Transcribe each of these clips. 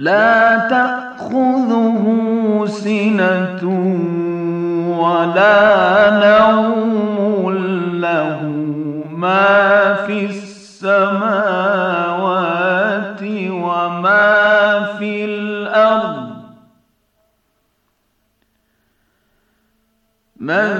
لا تأخذه سنة ولا نوم له ما في السماوات وما في الأرض من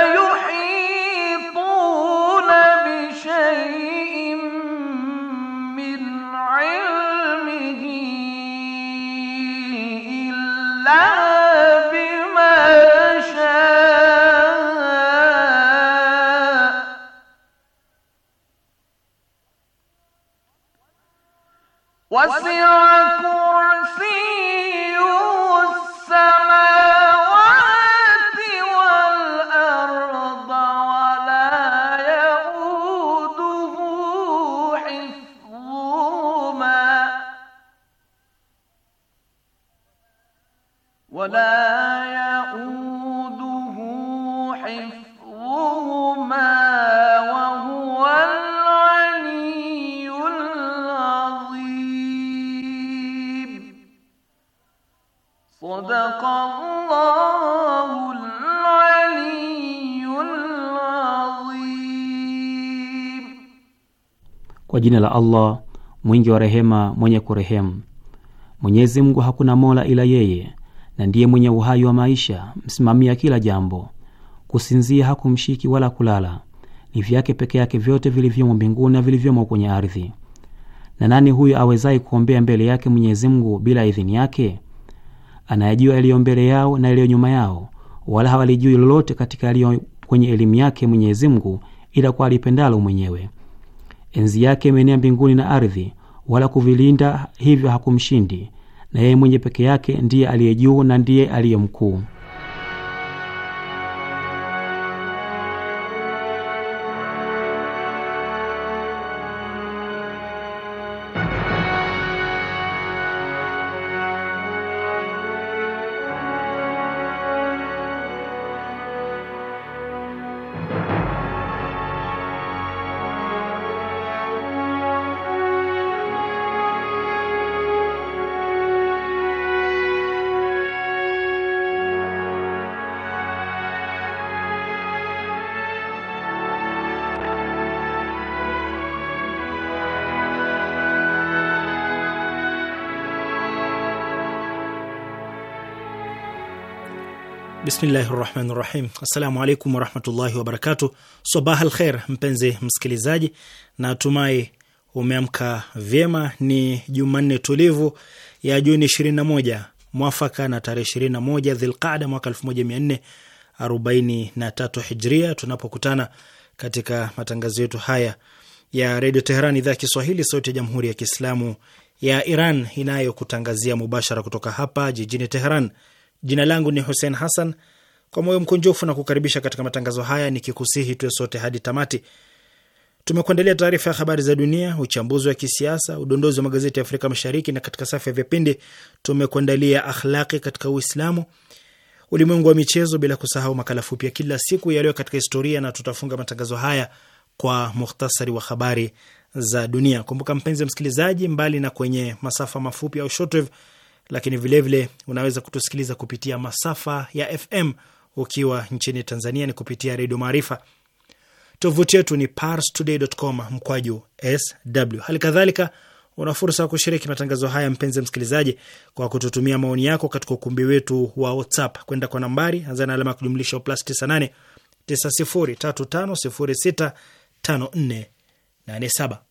صراط Kwa jina la Allah mwingi wa rehema, mwenye kurehemu. Mwenyezi Mungu hakuna mola ila yeye, na ndiye mwenye uhai wa maisha, msimamia kila jambo. Kusinzia hakumshiki wala kulala. Ni vyake peke yake vyote vilivyomo mbinguni na vilivyomo kwenye ardhi. Na nani huyo awezaye kuombea mbele yake Mwenyezi Mungu bila idhini yake? anayajua yaliyo mbele yao na yaliyo nyuma yao, wala hawalijui lolote katika yaliyo kwenye elimu yake Mwenyezi Mungu ila kwa alipendalo mwenyewe. Enzi yake imeenea mbinguni na ardhi, wala kuvilinda hivyo hakumshindi, na yeye mwenye peke yake ndiye aliye juu na ndiye aliye mkuu. Bismillahi rahmani rahim. Assalamu alaikum warahmatullahi wabarakatu. Sabah al kher, mpenzi msikilizaji, natumai umeamka vyema. Ni Jumanne tulivu ya Juni 21 mwafaka na tarehe 21 Dhilqada mwaka 1443 Hijria, tunapokutana katika matangazo yetu haya ya Redio Teheran, idhaa ya Kiswahili, sauti ya Jamhuri ya Kiislamu ya Iran inayokutangazia mubashara kutoka hapa jijini Teheran. Jina langu ni Hussein Hassan, kwa moyo mkunjufu na kukaribisha katika matangazo haya nikikusihi tuwe sote hadi tamati. Tumekuandalia taarifa ya habari za dunia, uchambuzi wa kisiasa, udondozi wa magazeti ya Afrika Mashariki, na katika safu ya vipindi tumekuandalia akhlaqi katika Uislamu, ulimwengu wa michezo, bila kusahau makala fupi ya kila siku yaliyo katika historia, na tutafunga matangazo haya kwa muhtasari wa habari za dunia. Kumbuka mpenzi msikilizaji, mbali na kwenye masafa mafupi au shortwave lakini vilevile vile unaweza kutusikiliza kupitia masafa ya FM ukiwa nchini Tanzania ni kupitia Redio Maarifa. Tovuti yetu ni parstoday.com mkwaju sw. Hali kadhalika una fursa ya kushiriki matangazo haya, mpenzi msikilizaji, kwa kututumia maoni yako katika ukumbi wetu wa WhatsApp kwenda kwa nambari, anza na alama ya kujumlisha plus 98 9035065487.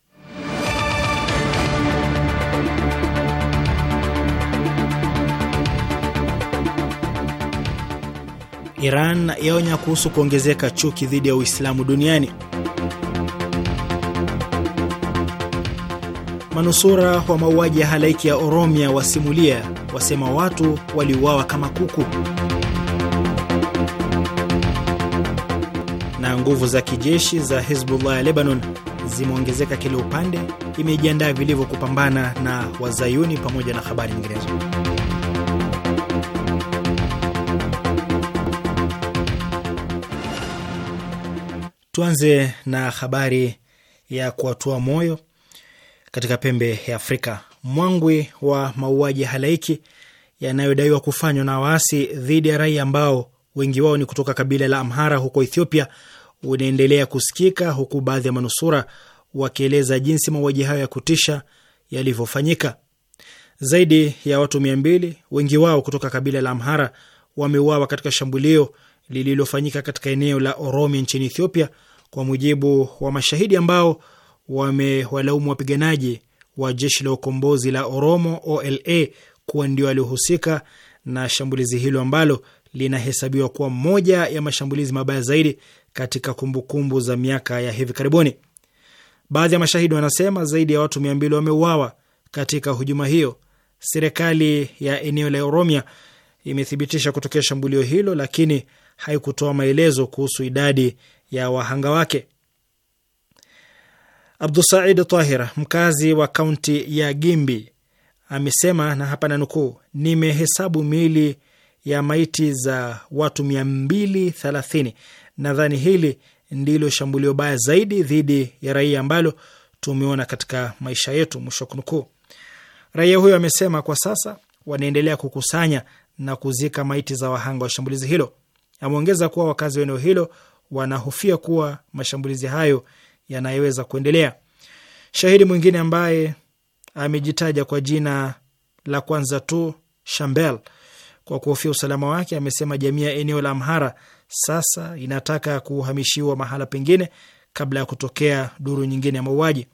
Iran yaonya kuhusu kuongezeka chuki dhidi ya Uislamu duniani. Manusura wa mauaji ya halaiki ya Oromia wasimulia, wasema watu waliuawa kama kuku. Na nguvu za kijeshi za Hezbollah ya Lebanon zimeongezeka kila upande, imejiandaa vilivyo kupambana na Wazayuni, pamoja na habari nyinginezo. Tuanze na habari ya kuwatua moyo katika pembe ya Afrika. Mwangwi wa mauaji halaiki yanayodaiwa kufanywa na waasi dhidi ya raia ambao wengi wao ni kutoka kabila la Amhara huko Ethiopia unaendelea kusikika huku baadhi ya manusura wakieleza jinsi mauaji hayo ya kutisha yalivyofanyika. Zaidi ya watu mia mbili, wengi wao kutoka kabila la Amhara, wameuawa katika shambulio lililofanyika katika eneo la Oromia nchini Ethiopia kwa mujibu wa mashahidi ambao wamewalaumu wapiganaji wa jeshi la ukombozi la Oromo OLA kuwa ndio waliohusika na shambulizi hilo ambalo linahesabiwa kuwa moja ya mashambulizi mabaya zaidi katika kumbukumbu kumbu za miaka ya hivi karibuni. Baadhi ya mashahidi wanasema zaidi ya watu mia mbili wameuawa katika hujuma hiyo. Serikali ya eneo la Oromia imethibitisha kutokea shambulio hilo, lakini haikutoa maelezo kuhusu idadi ya wahanga wake. Abdusaid Tahir, mkazi wa kaunti ya Gimbi, amesema na hapa nukuu nimehesabu miili ya maiti za watu mia mbili thelathini. Nadhani hili ndilo shambulio baya zaidi dhidi ya raia ambalo tumeona katika maisha yetu, mwisho kunukuu. Raia huyo amesema kwa sasa wanaendelea kukusanya na kuzika maiti za wahanga wa shambulizi hilo. Ameongeza kuwa wakazi wa eneo hilo wanahofia kuwa mashambulizi hayo yanayoweza kuendelea. Shahidi mwingine ambaye amejitaja kwa jina la kwanza tu Shambel, kwa kuhofia usalama wake, amesema jamii ya eneo la Amhara sasa inataka kuhamishiwa mahala pengine kabla ya kutokea duru nyingine ya mauaji.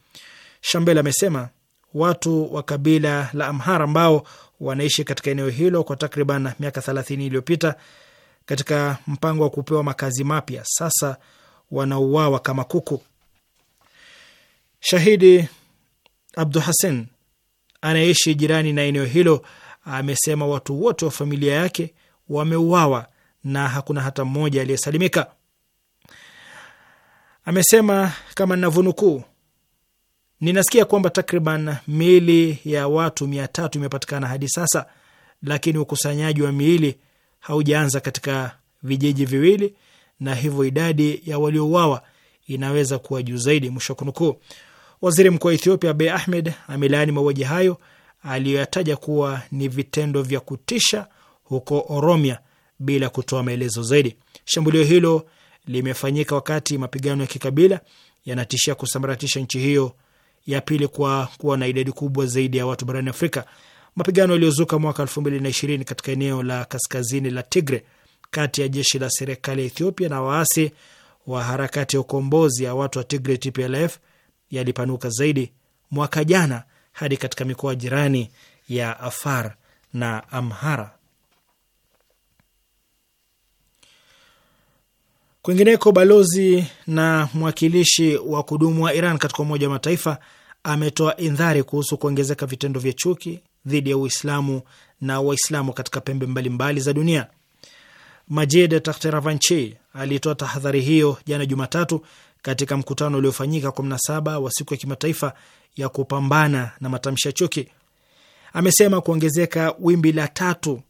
Shambel amesema watu wa kabila la Amhara ambao wanaishi katika eneo hilo kwa takriban miaka thelathini iliyopita katika mpango wa kupewa makazi mapya, sasa wanauawa kama kuku. Shahidi Abdu Hasen anayeishi jirani na eneo hilo amesema watu wote wa familia yake wameuawa na hakuna hata mmoja aliyesalimika. Amesema kama ninavyonukuu, ninasikia kwamba takriban miili ya watu mia tatu imepatikana hadi sasa, lakini ukusanyaji wa miili haujaanza katika vijiji viwili, na hivyo idadi ya waliouawa inaweza kuwa juu zaidi, mwisho wa kunukuu. Waziri mkuu wa Ethiopia Abiy Ahmed amelaani mauaji hayo aliyoyataja kuwa ni vitendo vya kutisha huko Oromia bila kutoa maelezo zaidi. Shambulio hilo limefanyika wakati mapigano ya kikabila yanatishia kusambaratisha nchi hiyo ya pili kwa kuwa na idadi kubwa zaidi ya watu barani Afrika mapigano yaliyozuka mwaka ishirini katika eneo la kaskazini la Tigre kati ya jeshi la serikali ya Ethiopia na waasi wa harakati ya ukombozi ya watu wa Tigre TPLF yalipanuka zaidi mwaka jana hadi katika mikoa jirani ya Afar na Amhara. Kwingineko, balozi na mwakilishi wa kudumu wa Iran katika Umoja wa Mataifa ametoa indhari kuhusu kuongezeka vitendo vya chuki dhidi ya Uislamu na Waislamu katika pembe mbalimbali mbali za dunia. Majid Tahteravanchi alitoa tahadhari hiyo jana Jumatatu katika mkutano uliofanyika kwa mnasaba wa siku ya kimataifa ya kupambana na matamshi ya chuki. Amesema kuongezeka wimbi la tatu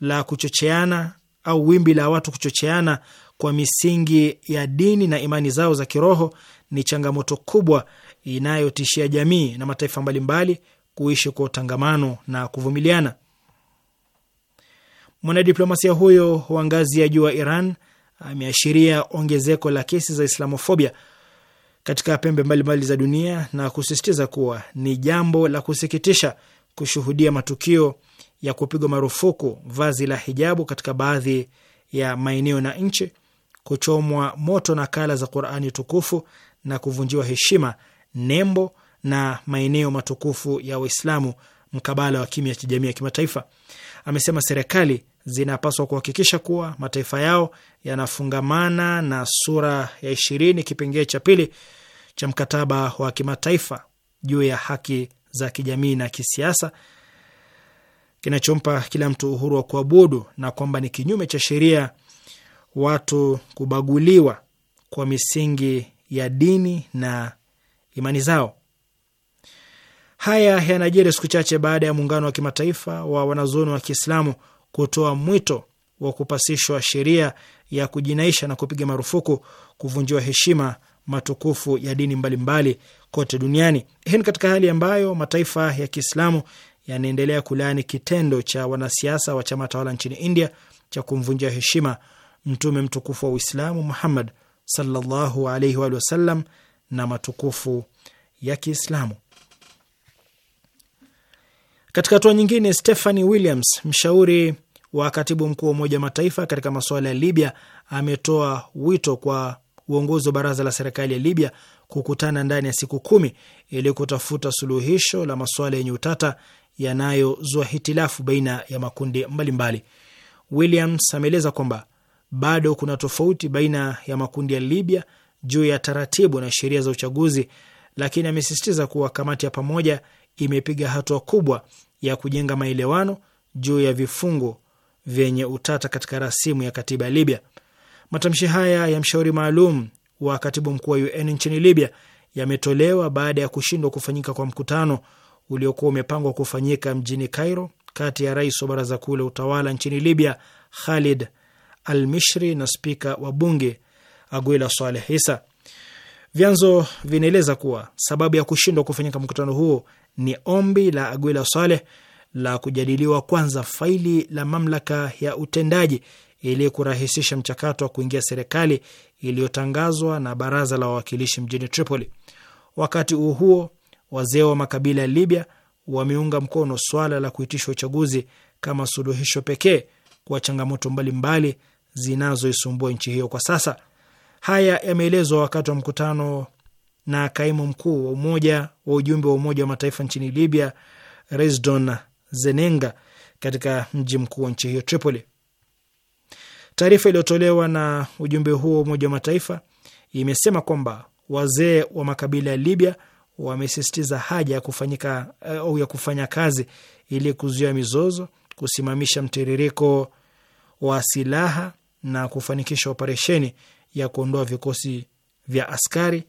la kuchocheana au wimbi la watu kuchocheana kwa misingi ya dini na imani zao za kiroho ni changamoto kubwa inayotishia jamii na mataifa mbalimbali kuishi kwa utangamano na kuvumiliana. Mwanadiplomasia huyo wa ngazi ya juu wa Iran ameashiria ongezeko la kesi za Islamofobia katika pembe mbalimbali za dunia na kusisitiza kuwa ni jambo la kusikitisha kushuhudia matukio ya kupigwa marufuku vazi la hijabu katika baadhi ya maeneo na nchi, kuchomwa moto na kala za Qur'ani tukufu na kuvunjiwa heshima nembo na maeneo matukufu ya Waislamu mkabala wa kimya cha jamii ya kimataifa. Amesema serikali zinapaswa kuhakikisha kuwa mataifa yao yanafungamana na sura ya ishirini kipengee cha pili cha mkataba wa kimataifa juu ya haki za kijamii na kisiasa kinachompa kila mtu uhuru wa kuabudu na kwamba ni kinyume cha sheria watu kubaguliwa kwa misingi ya dini na imani zao. Haya yanajiri siku chache baada ya muungano wa kimataifa wa wanazuoni wa Kiislamu kutoa mwito wa kupasishwa sheria ya kujinaisha na kupiga marufuku kuvunjiwa heshima matukufu ya dini mbalimbali mbali kote duniani. Hii ni katika hali ambayo mataifa ya Kiislamu yanaendelea kulaani kitendo cha wanasiasa wa chama tawala nchini India cha kumvunjia heshima mtume mtukufu wa Uislamu Muhammad sallallahu alaihi wa sallam na matukufu ya Kiislamu. Katika hatua nyingine, Stephanie Williams, mshauri wa katibu mkuu wa Umoja wa Mataifa katika masuala ya Libya, ametoa wito kwa uongozi wa baraza la serikali ya Libya kukutana ndani ya siku kumi ili kutafuta suluhisho la masuala yenye utata yanayozua hitilafu baina ya makundi mbalimbali mbali. Williams ameeleza kwamba bado kuna tofauti baina ya makundi ya Libya juu ya taratibu na sheria za uchaguzi, lakini amesisitiza kuwa kamati ya pamoja imepiga hatua kubwa ya kujenga maelewano juu ya vifungu vyenye utata katika rasimu ya katiba ya Libya. Matamshi haya ya mshauri maalum wa katibu mkuu wa UN nchini Libya yametolewa baada ya kushindwa kufanyika kwa mkutano uliokuwa umepangwa kufanyika mjini Cairo kati ya rais wa baraza kuu la utawala nchini Libya Khalid Al-Mishri na spika wa bunge Aguila Saleh Isa. Vyanzo vinaeleza kuwa sababu ya kushindwa kufanyika mkutano huo ni ombi la Aguila Saleh la kujadiliwa kwanza faili la mamlaka ya utendaji ili kurahisisha mchakato wa kuingia serikali iliyotangazwa na baraza la wawakilishi mjini Tripoli. Wakati huo huo, wazee wa makabila ya Libya wameunga mkono swala la kuitishwa uchaguzi kama suluhisho pekee kwa changamoto mbalimbali zinazoisumbua nchi hiyo kwa sasa. Haya yameelezwa wakati wa mkutano na kaimu mkuu wa umoja wa ujumbe wa Umoja wa Mataifa nchini Libya Resdon Zenenga katika mji mkuu wa nchi hiyo Tripoli. Taarifa iliyotolewa na ujumbe huo wa Umoja wa Mataifa imesema kwamba wazee wa makabila ya Libya wamesisitiza haja ya kufanyika eh, au ya kufanya kazi ili kuzuia mizozo, kusimamisha mtiririko wa silaha na kufanikisha operesheni ya kuondoa vikosi vya askari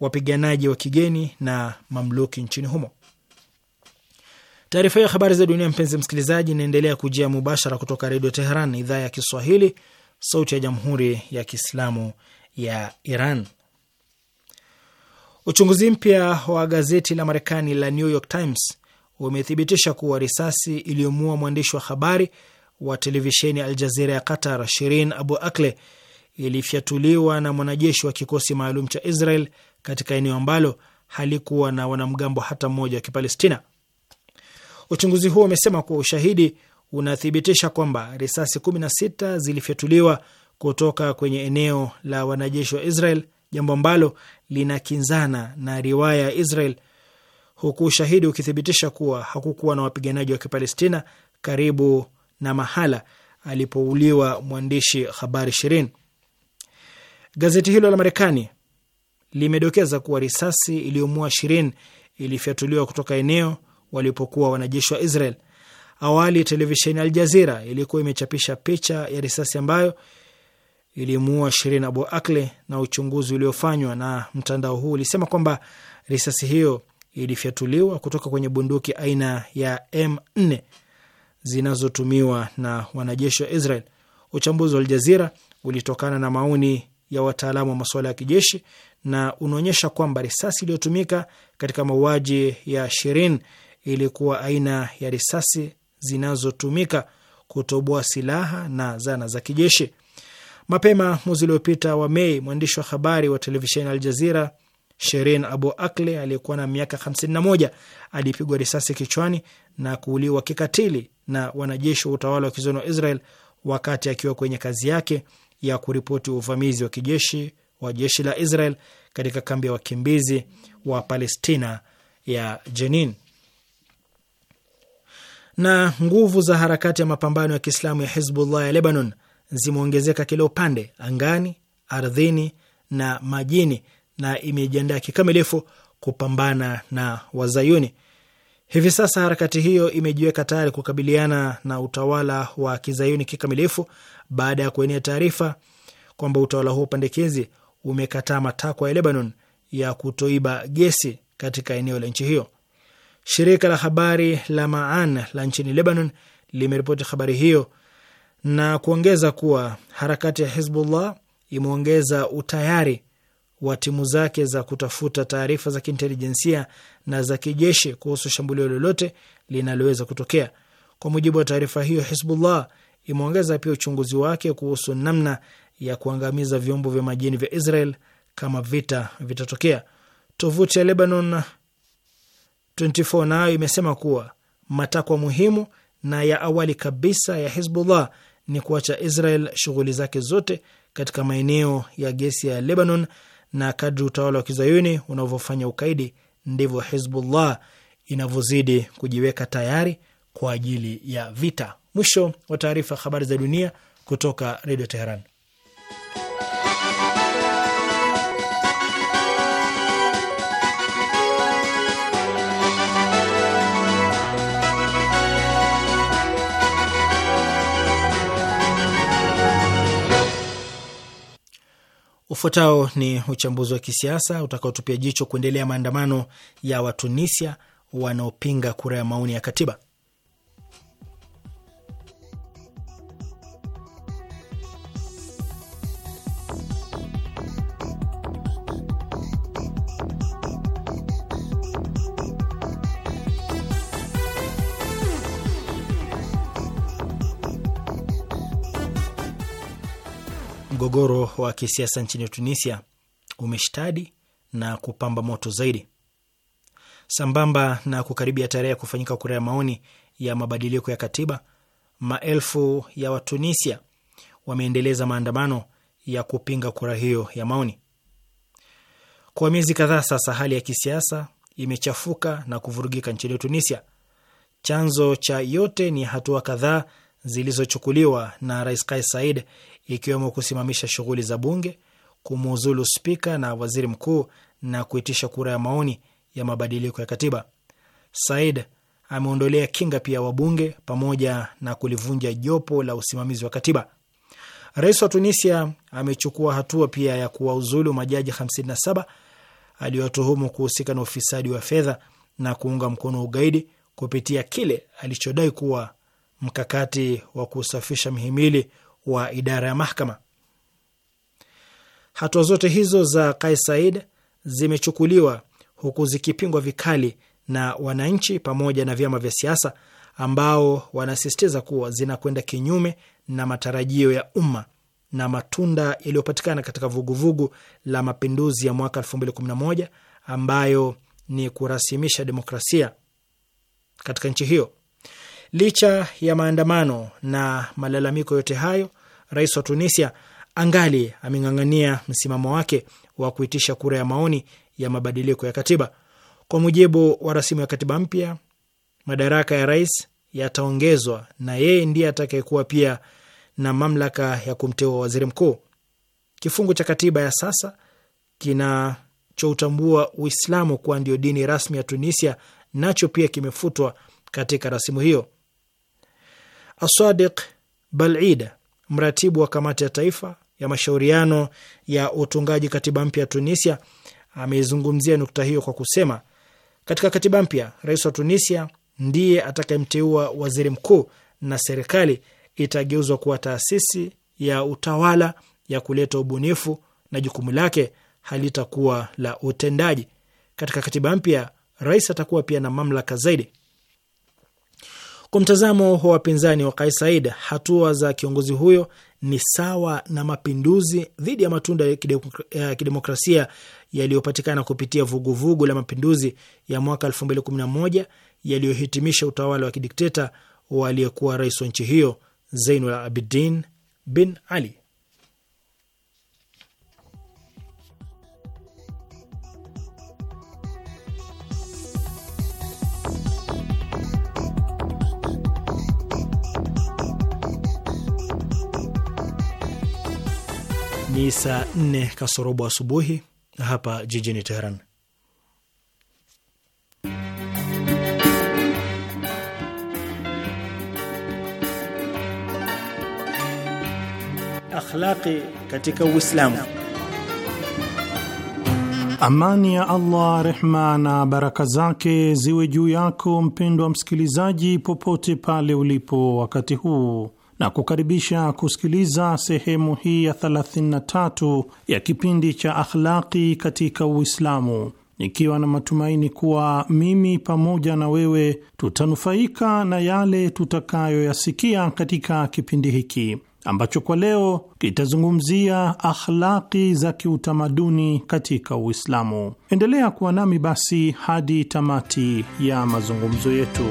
wapiganaji wa kigeni na mamluki nchini humo. Taarifa hiyo ya habari za dunia, mpenzi msikilizaji, inaendelea kujia mubashara kutoka Redio Teheran, idhaa ya Kiswahili, sauti ya Jamhuri ya Kiislamu ya Iran. Uchunguzi mpya wa gazeti la Marekani la New York Times umethibitisha kuwa risasi iliyomuua mwandishi wa habari wa televisheni Al Jazira ya Qatar, Shirin Abu Akle, ilifyatuliwa na mwanajeshi wa kikosi maalum cha Israel katika eneo ambalo halikuwa na wanamgambo hata mmoja wa Kipalestina. Uchunguzi huo umesema kuwa ushahidi unathibitisha kwamba risasi 16 zilifyatuliwa kutoka kwenye eneo la wanajeshi wa Israel, jambo ambalo linakinzana na riwaya ya Israel, huku ushahidi ukithibitisha kuwa hakukuwa na wapiganaji wa Kipalestina karibu na mahala alipouliwa mwandishi habari Shirin. Gazeti hilo la Marekani limedokeza kuwa risasi iliyomua Shirin ilifyatuliwa kutoka eneo walipokuwa wanajeshi wa Israel. Awali televisheni Al Jazira ilikuwa imechapisha picha ya risasi ambayo ilimuua Shirin Abu Akle, na uchunguzi uliofanywa na mtandao huu ulisema kwamba risasi hiyo ilifyatuliwa kutoka kwenye bunduki aina ya M4 zinazotumiwa na wanajeshi wa Israel. Uchambuzi wa Al Jazira ulitokana na maoni ya wataalamu wa masuala ya kijeshi na unaonyesha kwamba risasi iliyotumika katika mauaji ya Shirin ilikuwa aina ya risasi zinazotumika kutoboa silaha na zana za kijeshi. Mapema mwezi uliopita wa Mei, mwandishi wa habari wa televisheni Al Jazira Sherin Abu Akle aliyekuwa na miaka 51 alipigwa risasi kichwani na kuuliwa kikatili na wanajeshi wa utawala wa kizoni wa Israel wakati akiwa kwenye kazi yake ya kuripoti uvamizi wa kijeshi wa jeshi la Israel katika kambi ya wakimbizi wa Palestina ya Jenin. Na nguvu za harakati ya mapambano ya Kiislamu ya Hizbullah ya Lebanon zimeongezeka kila upande, angani, ardhini na majini, na imejiandaa kikamilifu kupambana na Wazayuni. Hivi sasa harakati hiyo imejiweka tayari kukabiliana na utawala wa kizayuni kikamilifu baada ya kuenea taarifa kwamba utawala huo pandekezi umekataa matakwa ya Lebanon ya kutoiba gesi katika eneo la nchi hiyo. Shirika la habari la Maan la nchini Lebanon limeripoti habari hiyo na kuongeza kuwa harakati ya Hizbullah imeongeza utayari wa timu zake za kutafuta taarifa za kiintelijensia na za kijeshi kuhusu shambulio lolote linaloweza kutokea. Kwa mujibu wa taarifa hiyo, Hizbullah imeongeza pia uchunguzi wake kuhusu namna ya kuangamiza vyombo vya majini vya Israel kama vita vitatokea. Tovuti ya Lebanon 24 nayo imesema kuwa matakwa muhimu na ya awali kabisa ya Hizbullah ni kuacha Israel shughuli zake zote katika maeneo ya gesi ya Lebanon, na kadri utawala wa kizayuni unavyofanya ukaidi ndivyo Hizbullah inavyozidi kujiweka tayari kwa ajili ya vita. Mwisho wa taarifa ya habari za dunia kutoka Redio Teheran. Ufuatao ni uchambuzi wa kisiasa utakaotupia jicho kuendelea maandamano ya Watunisia wanaopinga kura ya maoni ya katiba. mgogoro wa kisiasa nchini Tunisia umeshtadi na kupamba moto zaidi sambamba na kukaribia tarehe ya kufanyika kura ya maoni ya mabadiliko ya katiba. Maelfu ya Watunisia wameendeleza maandamano ya kupinga kura hiyo ya maoni. Kwa miezi kadhaa sasa, hali ya kisiasa imechafuka na kuvurugika nchini Tunisia. Chanzo cha yote ni hatua kadhaa zilizochukuliwa na Rais Kais Saied ikiwemo kusimamisha shughuli za bunge, kumuuzulu spika na waziri mkuu na kuitisha kura ya maoni ya mabadiliko ya katiba. Said ameondolea kinga pia wabunge pamoja na kulivunja jopo la usimamizi wa katiba. Rais wa Tunisia amechukua hatua pia ya kuwauzulu majaji 57 aliyotuhumu kuhusika na ufisadi wa fedha na kuunga mkono ugaidi kupitia kile alichodai kuwa mkakati wa kusafisha mhimili wa idara ya mahakama. Hatua zote hizo za Kais Saied zimechukuliwa huku zikipingwa vikali na wananchi pamoja na vyama vya siasa ambao wanasisitiza kuwa zinakwenda kinyume na matarajio ya umma na matunda yaliyopatikana katika vuguvugu vugu la mapinduzi ya mwaka 2011 ambayo ni kurasimisha demokrasia katika nchi hiyo. Licha ya maandamano na malalamiko yote hayo, rais wa Tunisia angali ameng'ang'ania msimamo wake wa kuitisha kura ya maoni ya mabadiliko ya katiba. Kwa mujibu wa rasimu ya katiba mpya, madaraka ya rais yataongezwa na yeye ndiye atakayekuwa pia na mamlaka ya kumteua waziri mkuu. Kifungu cha katiba ya sasa kinachoutambua Uislamu kuwa ndio dini rasmi ya Tunisia nacho pia kimefutwa katika rasimu hiyo. Asadiq Balida, mratibu wa kamati ya taifa ya mashauriano ya utungaji katiba mpya ya Tunisia ameizungumzia nukta hiyo kwa kusema, katika katiba mpya rais wa Tunisia ndiye atakayemteua waziri mkuu na serikali itageuzwa kuwa taasisi ya utawala ya kuleta ubunifu na jukumu lake halitakuwa la utendaji. Katika katiba mpya rais atakuwa pia na mamlaka zaidi kwa mtazamo wa wapinzani wa Kais Said, hatua za kiongozi huyo ni sawa na mapinduzi dhidi ya matunda ya kidemokrasia yaliyopatikana kupitia vuguvugu vugu la mapinduzi ya mwaka 2011 yaliyohitimisha utawala wa kidikteta wa aliyekuwa rais wa nchi hiyo Zainul Abidin bin Ali. Ni saa nne kasorobo asubuhi hapa jijini Teheran. Akhlaqi katika Uislamu. Amani ya Allah, rehma na baraka zake ziwe juu yako mpendwa msikilizaji, popote pale ulipo wakati huu na kukaribisha kusikiliza sehemu hii ya 33 ya kipindi cha Akhlaqi katika Uislamu, nikiwa na matumaini kuwa mimi pamoja na wewe tutanufaika na yale tutakayoyasikia katika kipindi hiki ambacho kwa leo kitazungumzia akhlaqi za kiutamaduni katika Uislamu. Endelea kuwa nami basi hadi tamati ya mazungumzo yetu.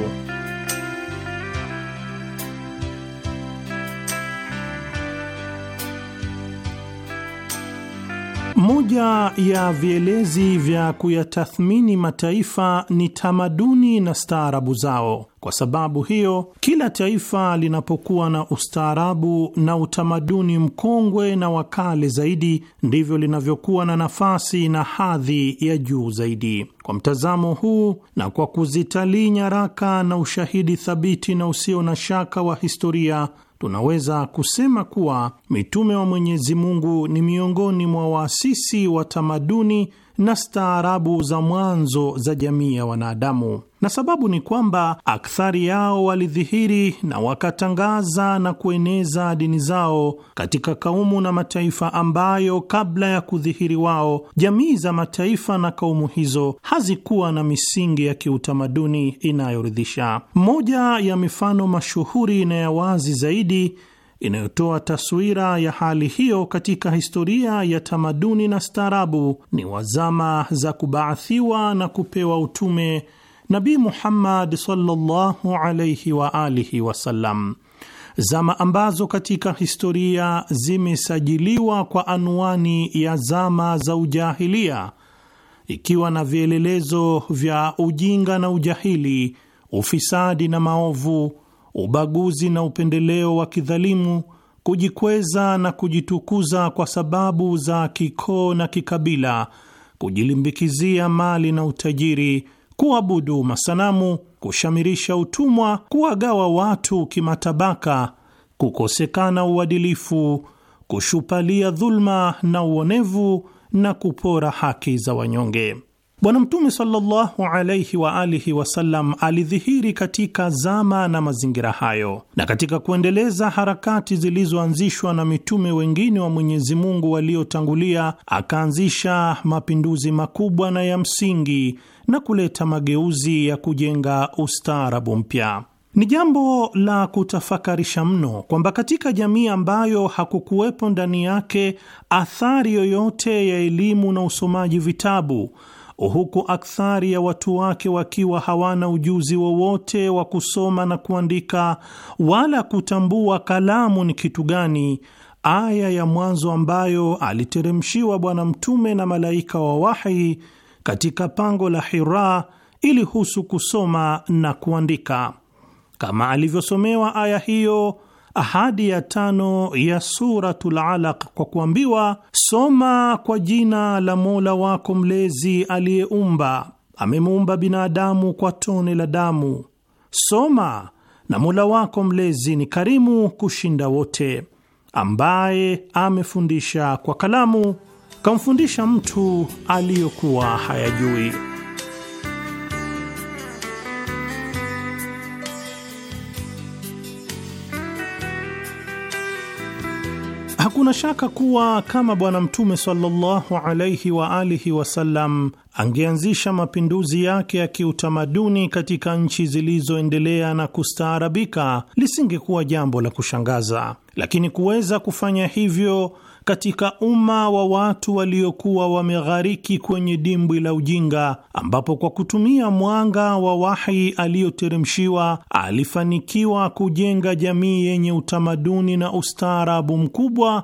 Moja ya vielezi vya kuyatathmini mataifa ni tamaduni na staarabu zao. Kwa sababu hiyo, kila taifa linapokuwa na ustaarabu na utamaduni mkongwe na wakale zaidi, ndivyo linavyokuwa na nafasi na hadhi ya juu zaidi. Kwa mtazamo huu na kwa kuzitalii nyaraka na ushahidi thabiti na usio na shaka wa historia tunaweza kusema kuwa mitume wa Mwenyezi Mungu ni miongoni mwa waasisi wa tamaduni na staarabu za mwanzo za jamii ya wanadamu, na sababu ni kwamba akthari yao walidhihiri na wakatangaza na kueneza dini zao katika kaumu na mataifa ambayo kabla ya kudhihiri wao, jamii za mataifa na kaumu hizo hazikuwa na misingi ya kiutamaduni inayoridhisha. Moja ya mifano mashuhuri na ya wazi zaidi inayotoa taswira ya hali hiyo katika historia ya tamaduni na staarabu ni wazama za kubaathiwa na kupewa utume Nabi Muhammad sallallahu wa alihi wasallam, zama ambazo katika historia zimesajiliwa kwa anwani ya zama za ujahilia, ikiwa na vielelezo vya ujinga na ujahili, ufisadi na maovu ubaguzi na upendeleo wa kidhalimu, kujikweza na kujitukuza kwa sababu za kikoo na kikabila, kujilimbikizia mali na utajiri, kuabudu masanamu, kushamirisha utumwa, kuwagawa watu kimatabaka, kukosekana uadilifu, kushupalia dhuluma na uonevu na kupora haki za wanyonge. Bwana Mtume sallallahu alaihi wa alihi wasallam alidhihiri katika zama na mazingira hayo, na katika kuendeleza harakati zilizoanzishwa na mitume wengine wa Mwenyezi Mungu waliotangulia, akaanzisha mapinduzi makubwa na ya msingi na kuleta mageuzi ya kujenga ustaarabu mpya. Ni jambo la kutafakarisha mno kwamba katika jamii ambayo hakukuwepo ndani yake athari yoyote ya elimu na usomaji vitabu huku akthari ya watu wake wakiwa hawana ujuzi wowote wa kusoma na kuandika wala kutambua kalamu ni kitu gani. Aya ya mwanzo ambayo aliteremshiwa Bwana Mtume na malaika wa wahi katika pango la Hira ilihusu kusoma na kuandika, kama alivyosomewa aya hiyo ahadi ya tano ya Suratul Alaq kwa kuambiwa, soma kwa jina la Mola wako mlezi aliyeumba, amemuumba binadamu kwa tone la damu. Soma, na Mola wako mlezi ni karimu kushinda wote, ambaye amefundisha kwa kalamu, kamfundisha mtu aliyokuwa hayajui. Hakuna shaka kuwa kama Bwana Mtume sallallahu alaihi wa alihi wasallam angeanzisha mapinduzi yake ya kiutamaduni katika nchi zilizoendelea na kustaarabika lisingekuwa jambo la kushangaza, lakini kuweza kufanya hivyo katika umma wa watu waliokuwa wameghariki kwenye dimbwi la ujinga, ambapo kwa kutumia mwanga wa wahi aliyoteremshiwa alifanikiwa kujenga jamii yenye utamaduni na ustaarabu mkubwa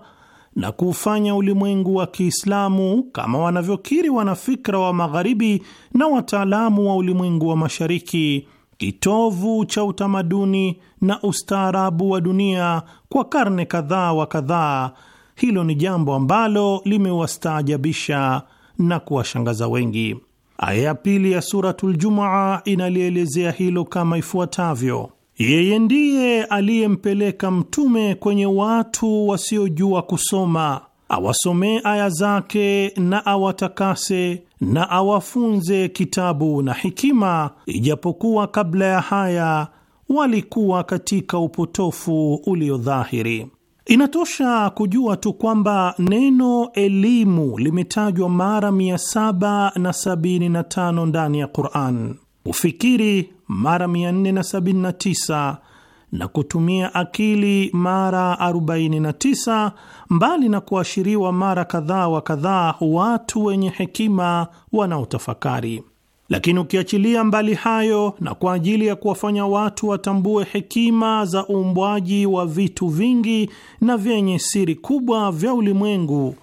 na kuufanya ulimwengu wa Kiislamu kama wanavyokiri wanafikra wa Magharibi na wataalamu wa ulimwengu wa Mashariki kitovu cha utamaduni na ustaarabu wa dunia kwa karne kadhaa wa kadhaa hilo ni jambo ambalo limewastaajabisha na kuwashangaza wengi. Aya ya pili ya Suratul Jumaa inalielezea hilo kama ifuatavyo: yeye ndiye aliyempeleka mtume kwenye watu wasiojua kusoma awasomee aya zake na awatakase na awafunze kitabu na hikima, ijapokuwa kabla ya haya walikuwa katika upotofu uliodhahiri. Inatosha kujua tu kwamba neno elimu limetajwa mara 775 ndani ya Quran, ufikiri mara 479 na kutumia akili mara 49, mbali na kuashiriwa mara kadhaa wa kadhaa watu wenye hekima wanaotafakari. Lakini ukiachilia mbali hayo, na kwa ajili ya kuwafanya watu watambue hekima za uumbwaji wa vitu vingi na vyenye siri kubwa vya ulimwengu,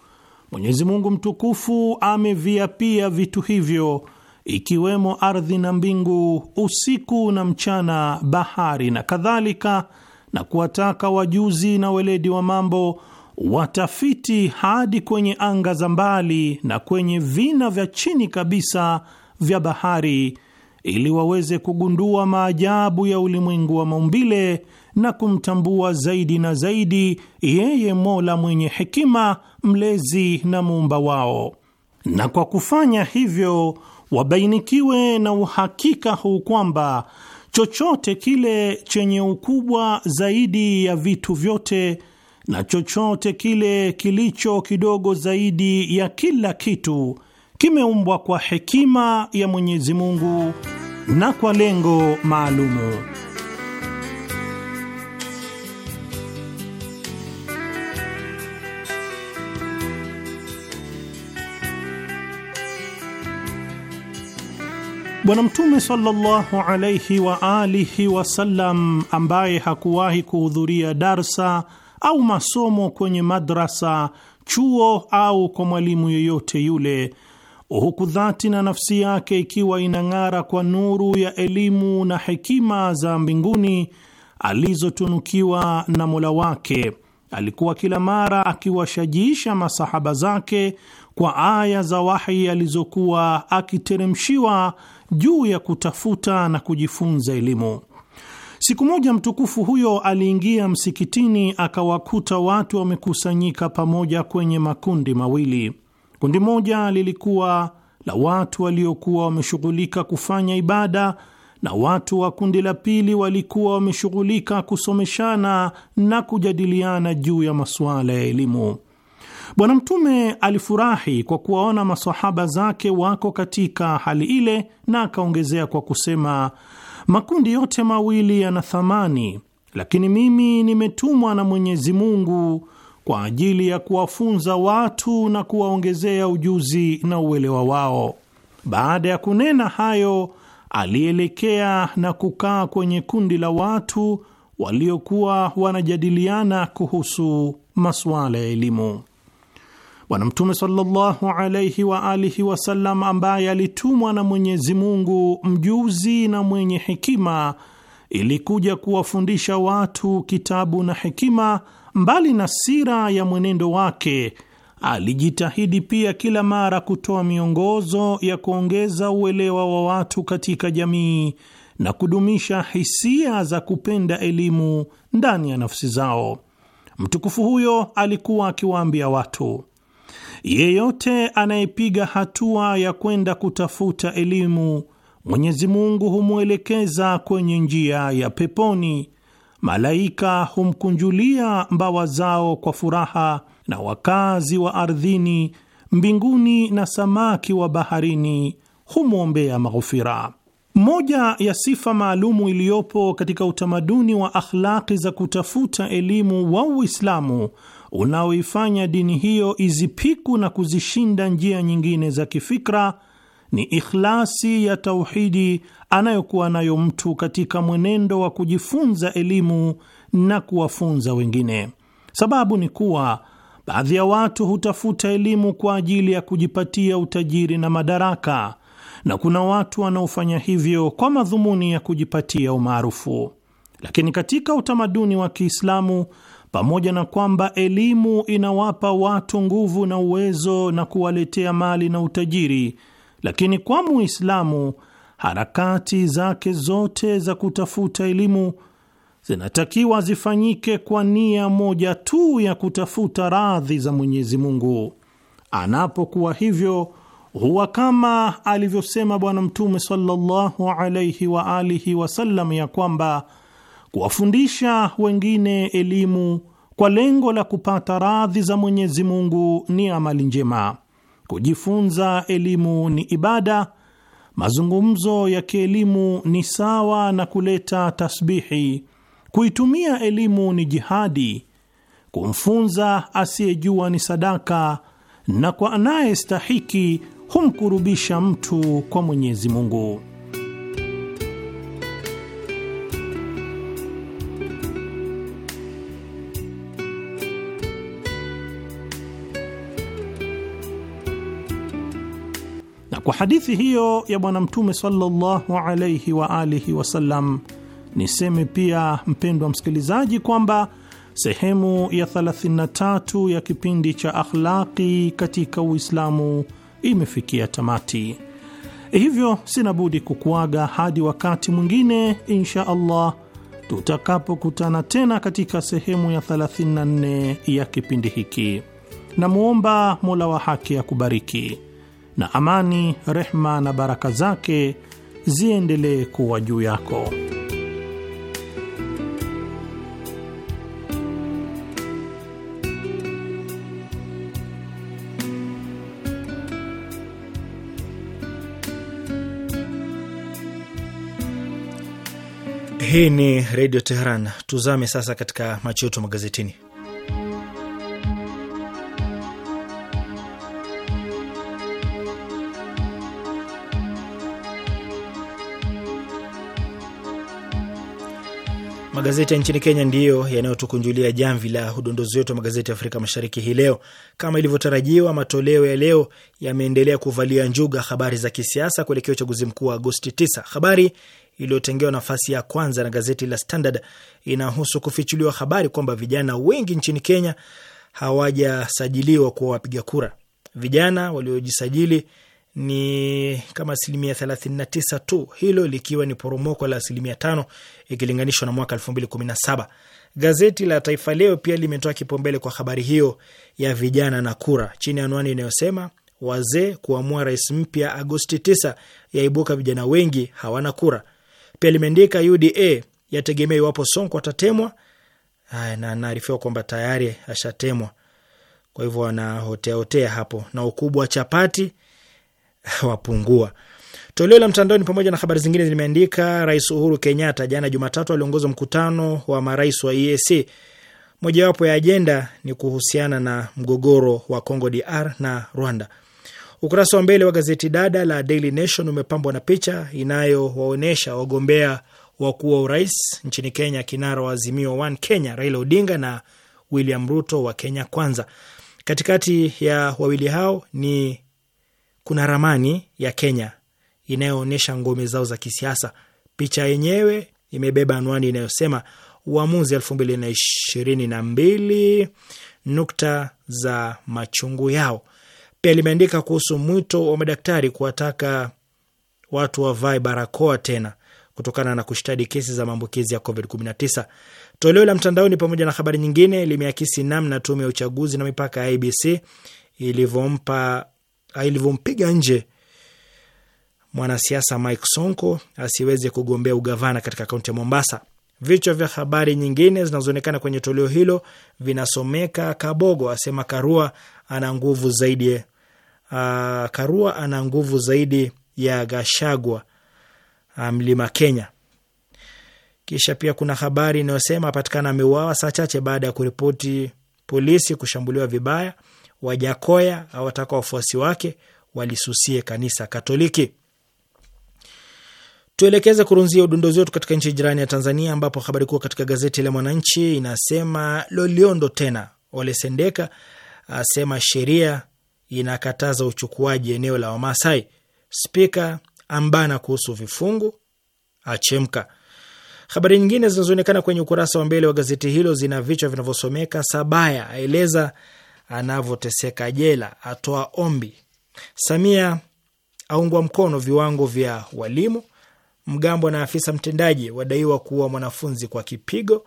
Mwenyezi Mungu mtukufu ameviapia vitu hivyo ikiwemo ardhi na mbingu, usiku na mchana, bahari na kadhalika, na kuwataka wajuzi na weledi wa mambo watafiti hadi kwenye anga za mbali na kwenye vina vya chini kabisa vya bahari ili waweze kugundua maajabu ya ulimwengu wa maumbile na kumtambua zaidi na zaidi yeye Mola mwenye hekima, mlezi na muumba wao, na kwa kufanya hivyo wabainikiwe na uhakika huu kwamba chochote kile chenye ukubwa zaidi ya vitu vyote na chochote kile kilicho kidogo zaidi ya kila kitu kimeumbwa kwa hekima ya Mwenyezi Mungu na kwa lengo maalumu. Bwana Mtume sallallahu alaihi wa alihi wasallam, ambaye hakuwahi kuhudhuria darsa au masomo kwenye madrasa, chuo au kwa mwalimu yeyote yule huku dhati na nafsi yake ikiwa inang'ara kwa nuru ya elimu na hekima za mbinguni alizotunukiwa na Mola wake. Alikuwa kila mara akiwashajiisha masahaba zake kwa aya za wahi alizokuwa akiteremshiwa juu ya kutafuta na kujifunza elimu. Siku moja mtukufu huyo aliingia msikitini, akawakuta watu wamekusanyika pamoja kwenye makundi mawili. Kundi moja lilikuwa la watu waliokuwa wameshughulika kufanya ibada na watu wa kundi la pili walikuwa wameshughulika kusomeshana na kujadiliana juu ya masuala ya elimu. Bwana Mtume alifurahi kwa kuwaona masahaba zake wako katika hali ile, na akaongezea kwa kusema, makundi yote mawili yana thamani, lakini mimi nimetumwa na Mwenyezi Mungu kwa ajili ya kuwafunza watu na kuwaongezea ujuzi na uelewa wao. Baada ya kunena hayo, alielekea na kukaa kwenye kundi la watu waliokuwa wanajadiliana kuhusu masuala ya elimu. Bwana Mtume sallallahu wa alihi wasallam, ambaye alitumwa na Mwenyezi Mungu mjuzi na mwenye hekima ili kuja kuwafundisha watu kitabu na hekima Mbali na sira ya mwenendo wake, alijitahidi pia kila mara kutoa miongozo ya kuongeza uelewa wa watu katika jamii na kudumisha hisia za kupenda elimu ndani ya nafsi zao. Mtukufu huyo alikuwa akiwaambia watu, yeyote anayepiga hatua ya kwenda kutafuta elimu, Mwenyezi Mungu humwelekeza kwenye njia ya peponi malaika humkunjulia mbawa zao kwa furaha, na wakazi wa ardhini, mbinguni na samaki wa baharini humwombea maghufira. Moja ya sifa maalumu iliyopo katika utamaduni wa akhlaki za kutafuta elimu wa Uislamu unaoifanya dini hiyo izipiku na kuzishinda njia nyingine za kifikra ni ikhlasi ya tauhidi anayokuwa nayo mtu katika mwenendo wa kujifunza elimu na kuwafunza wengine. Sababu ni kuwa baadhi ya watu hutafuta elimu kwa ajili ya kujipatia utajiri na madaraka, na kuna watu wanaofanya hivyo kwa madhumuni ya kujipatia umaarufu. Lakini katika utamaduni wa Kiislamu, pamoja na kwamba elimu inawapa watu nguvu na uwezo na kuwaletea mali na utajiri lakini kwa Muislamu, harakati zake zote za kutafuta elimu zinatakiwa zifanyike kwa nia moja tu ya kutafuta radhi za Mwenyezi Mungu. Anapokuwa hivyo huwa kama alivyosema Bwana Mtume sallallahu alaihi wa alihi wasallam, ya kwamba kuwafundisha wengine elimu kwa lengo la kupata radhi za Mwenyezi Mungu ni amali njema. Kujifunza elimu ni ibada. Mazungumzo ya kielimu ni sawa na kuleta tasbihi. Kuitumia elimu ni jihadi. Kumfunza asiyejua ni sadaka, na kwa anayestahiki humkurubisha mtu kwa Mwenyezi Mungu. Kwa hadithi hiyo ya Bwana Mtume sallallahu alaihi wa alihi wasallam, niseme pia mpendwa msikilizaji kwamba sehemu ya 33 ya kipindi cha akhlaqi katika Uislamu imefikia tamati. Hivyo sina budi kukuaga hadi wakati mwingine insha Allah tutakapokutana tena katika sehemu ya 34 ya kipindi hiki. Namwomba Mola wa haki akubariki na amani, rehma na baraka zake ziendelee kuwa juu yako. Hii ni Redio Teheran. Tuzame sasa katika macho yetu magazetini. Magazeti ya nchini Kenya ndiyo yanayotukunjulia jamvi la udondozi wetu wa magazeti ya Afrika Mashariki hii leo. Kama ilivyotarajiwa, matoleo ya leo yameendelea kuvalia njuga habari za kisiasa kuelekea uchaguzi mkuu wa Agosti 9. Habari iliyotengewa nafasi ya kwanza na gazeti la Standard inahusu kufichuliwa habari kwamba vijana wengi nchini Kenya hawajasajiliwa kuwa wapiga kura. Vijana waliojisajili ni kama asilimia 39 tu, hilo likiwa ni poromoko la asilimia tano ikilinganishwa na mwaka 2017. Gazeti la Taifa Leo pia limetoa kipaumbele kwa habari hiyo ya vijana na kura chini ya anwani inayosema wazee kuamua rais mpya Agosti 9 yaibuka vijana wengi hawana kura. Pia limeandika UDA yategemea iwapo Sonko atatemwa, na naarifiwa kwamba tayari ashatemwa, kwa hivyo wanahoteahotea hapo, na ukubwa wa chapati wapungua. Toleo la mtandaoni pamoja na habari zingine zimeandika Rais Uhuru Kenyatta jana Jumatatu aliongoza mkutano wa marais wa EAC. Mojawapo ya ajenda ni kuhusiana na mgogoro wa Congo DR na Rwanda. Ukurasa wa mbele wa gazeti dada la Daily Nation umepambwa na picha inayowaonyesha wagombea wakuu wa urais nchini Kenya, kinara wa Azimio One Kenya Raila Odinga na William Ruto wa Kenya Kwanza. Katikati ya wawili hao ni kuna ramani ya Kenya inayoonyesha ngome zao za kisiasa. Picha yenyewe imebeba anwani inayosema uamuzi elfu mbili na ishirini na mbili nukta za machungu yao. Pia limeandika kuhusu mwito wa madaktari kuwataka watu wavae barakoa tena kutokana na kushtadi kesi za maambukizi ya COVID-19. Toleo la mtandaoni pamoja na habari nyingine limeakisi namna tume ya uchaguzi na mipaka ya IBC ilivyompa ilivyompiga nje mwanasiasa Mike Sonko asiweze kugombea ugavana katika kaunti ya Mombasa. Vichwa vya habari nyingine zinazoonekana kwenye toleo hilo vinasomeka: Kabogo asema Karua ana nguvu zaidi, uh, Karua ana nguvu zaidi ya Gashagwa uh, mlima um, Kenya. Kisha pia kuna habari inayosema apatikana ameuawa saa chache baada ya kuripoti polisi kushambuliwa vibaya. Wajakoya awataka wafuasi wake walisusie kanisa Katoliki. Tuelekeze kurunzia udondozi wetu katika nchi jirani ya Tanzania, ambapo habari kuu katika gazeti la Mwananchi inasema Loliondo tena, Olesendeka asema sheria inakataza uchukuaji eneo la Wamasai. Spika ambana kuhusu vifungu achemka. Habari nyingine zinazoonekana kwenye ukurasa wa mbele wa gazeti hilo zina vichwa vinavyosomeka: Sabaya aeleza anavyoteseka jela, atoa ombi. Samia aungwa mkono viwango vya walimu. Mgambo na afisa mtendaji wadaiwa kuua mwanafunzi kwa kipigo.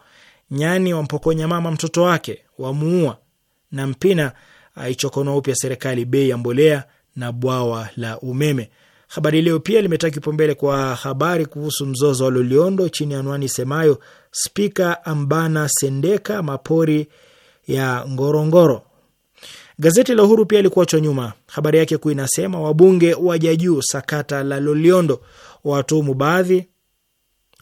Nyani wampokonya mama mtoto wake, wamuua. Na Mpina aichokonoa upya serikali bei ya mbolea na bwawa la umeme. Habari Leo pia limetoa kipaumbele kwa habari kuhusu mzozo wa Loliondo chini ya anwani semayo Spika ambana Sendeka mapori ya Ngorongoro. Gazeti la Uhuru pia likuachwa nyuma, habari yake kuu inasema wabunge waja juu sakata la Loliondo, watuhumu baadhi